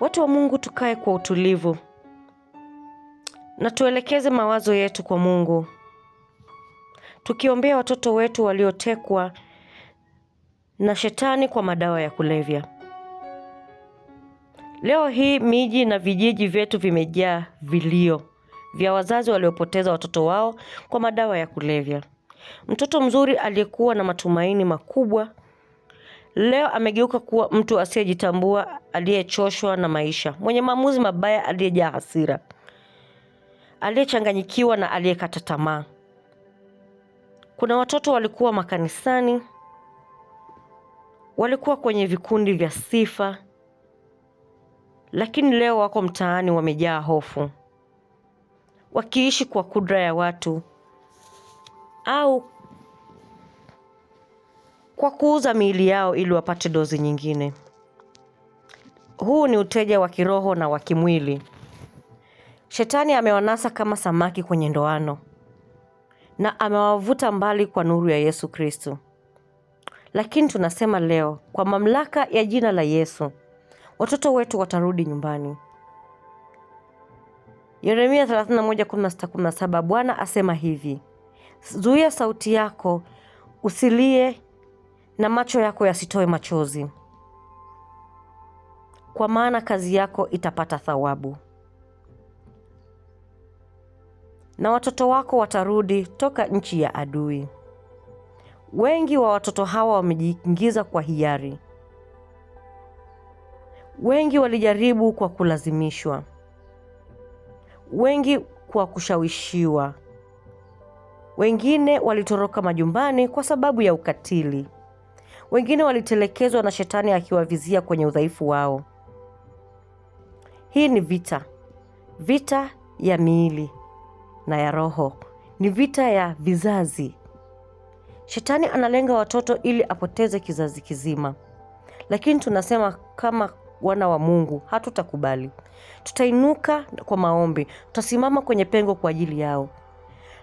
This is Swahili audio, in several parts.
Watu wa Mungu, tukae kwa utulivu na tuelekeze mawazo yetu kwa Mungu, tukiombea watoto wetu waliotekwa na shetani kwa madawa ya kulevya. Leo hii miji na vijiji vyetu vimejaa vilio vya wazazi waliopoteza watoto wao kwa madawa ya kulevya. Mtoto mzuri aliyekuwa na matumaini makubwa Leo amegeuka kuwa mtu asiyejitambua, aliyechoshwa na maisha, mwenye maamuzi mabaya, aliyejaa hasira, aliyechanganyikiwa na aliyekata tamaa. Kuna watoto walikuwa makanisani, walikuwa kwenye vikundi vya sifa, lakini leo wako mtaani, wamejaa hofu, wakiishi kwa kudra ya watu au kwa kuuza miili yao ili wapate dozi nyingine. Huu ni uteja wa kiroho na wa kimwili. Shetani amewanasa kama samaki kwenye ndoano na amewavuta mbali kwa nuru ya Yesu Kristo. Lakini tunasema leo, kwa mamlaka ya jina la Yesu, watoto wetu watarudi nyumbani. Yeremia 31:16-17, Bwana asema hivi: zuia sauti yako usilie na macho yako yasitoe machozi, kwa maana kazi yako itapata thawabu, na watoto wako watarudi toka nchi ya adui. Wengi wa watoto hawa wamejiingiza kwa hiari, wengi walijaribu kwa kulazimishwa, wengi kwa kushawishiwa, wengine walitoroka majumbani kwa sababu ya ukatili. Wengine walitelekezwa na shetani akiwavizia kwenye udhaifu wao. Hii ni vita, vita ya miili na ya roho, ni vita ya vizazi. Shetani analenga watoto ili apoteze kizazi kizima, lakini tunasema kama wana wa Mungu hatutakubali. Tutainuka kwa maombi, tutasimama kwenye pengo kwa ajili yao.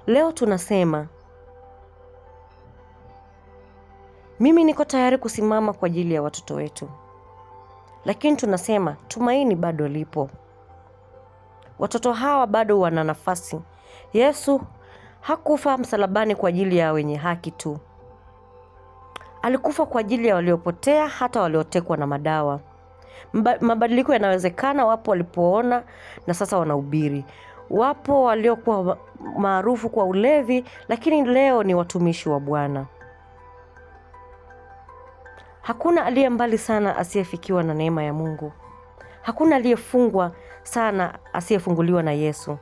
Leo tunasema Mimi niko tayari kusimama kwa ajili ya watoto wetu, lakini tunasema tumaini bado lipo. Watoto hawa bado wana nafasi. Yesu hakufa msalabani kwa ajili ya wenye haki tu, alikufa kwa ajili ya waliopotea, hata waliotekwa na madawa. Mabadiliko yanawezekana. Wapo walipoona na sasa wanahubiri. Wapo waliokuwa maarufu kwa ulevi, lakini leo ni watumishi wa Bwana. Hakuna aliye mbali sana asiyefikiwa na neema ya Mungu. Hakuna aliyefungwa sana asiyefunguliwa na Yesu.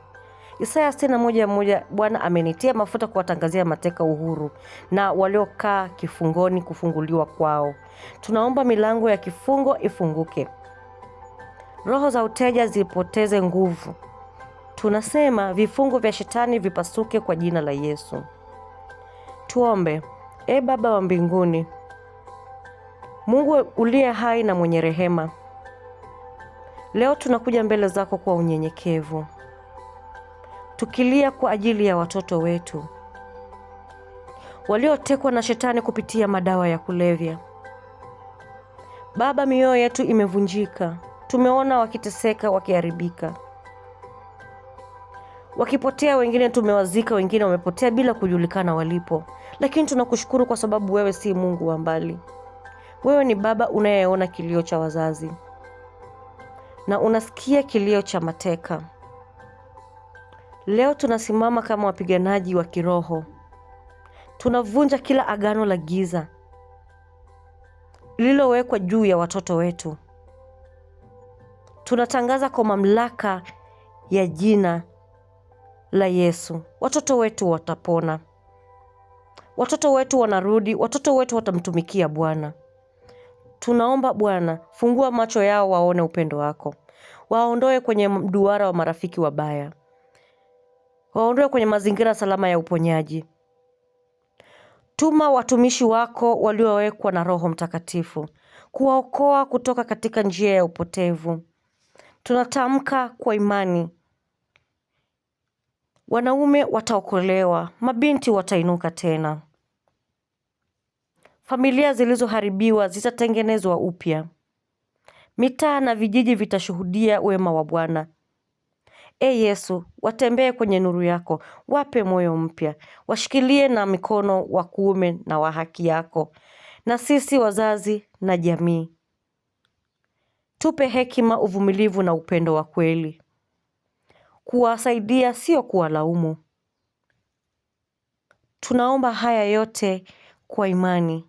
Isaya sitini na moja moja, Bwana amenitia mafuta kuwatangazia mateka uhuru na waliokaa kifungoni kufunguliwa kwao. Tunaomba milango ya kifungo ifunguke, roho za uteja zipoteze nguvu. Tunasema vifungo vya shetani vipasuke kwa jina la Yesu. Tuombe. E Baba wa mbinguni Mungu uliye hai na mwenye rehema, leo tunakuja mbele zako kwa unyenyekevu, tukilia kwa ajili ya watoto wetu waliotekwa na shetani kupitia madawa ya kulevya. Baba, mioyo yetu imevunjika, tumeona wakiteseka, wakiharibika, wakipotea, wengine tumewazika, wengine wamepotea bila kujulikana walipo, lakini tunakushukuru kwa sababu wewe si Mungu wa mbali. Wewe ni baba unayeona kilio cha wazazi na unasikia kilio cha mateka. Leo tunasimama kama wapiganaji wa kiroho, tunavunja kila agano la giza lililowekwa juu ya watoto wetu. Tunatangaza kwa mamlaka ya jina la Yesu, watoto wetu watapona, watoto wetu wanarudi, watoto wetu watamtumikia Bwana. Tunaomba Bwana, fungua macho yao waone upendo wako, waondoe kwenye mduara wa marafiki wabaya, waondoe kwenye mazingira salama ya uponyaji. Tuma watumishi wako waliowekwa na Roho Mtakatifu kuwaokoa kutoka katika njia ya upotevu. Tunatamka kwa imani, wanaume wataokolewa, mabinti watainuka tena. Familia zilizoharibiwa zitatengenezwa upya. Mitaa na vijiji vitashuhudia wema wa Bwana. E Yesu, watembee kwenye nuru yako, wape moyo mpya, washikilie na mikono wa kuume na wa haki yako, na sisi wazazi na jamii tupe hekima, uvumilivu na upendo wa kweli, kuwasaidia sio kuwalaumu. Tunaomba haya yote kwa imani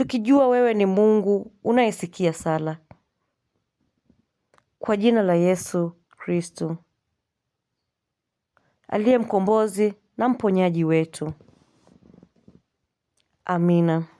Tukijua wewe ni Mungu unayesikia sala. Kwa jina la Yesu Kristu aliye mkombozi na mponyaji wetu. Amina.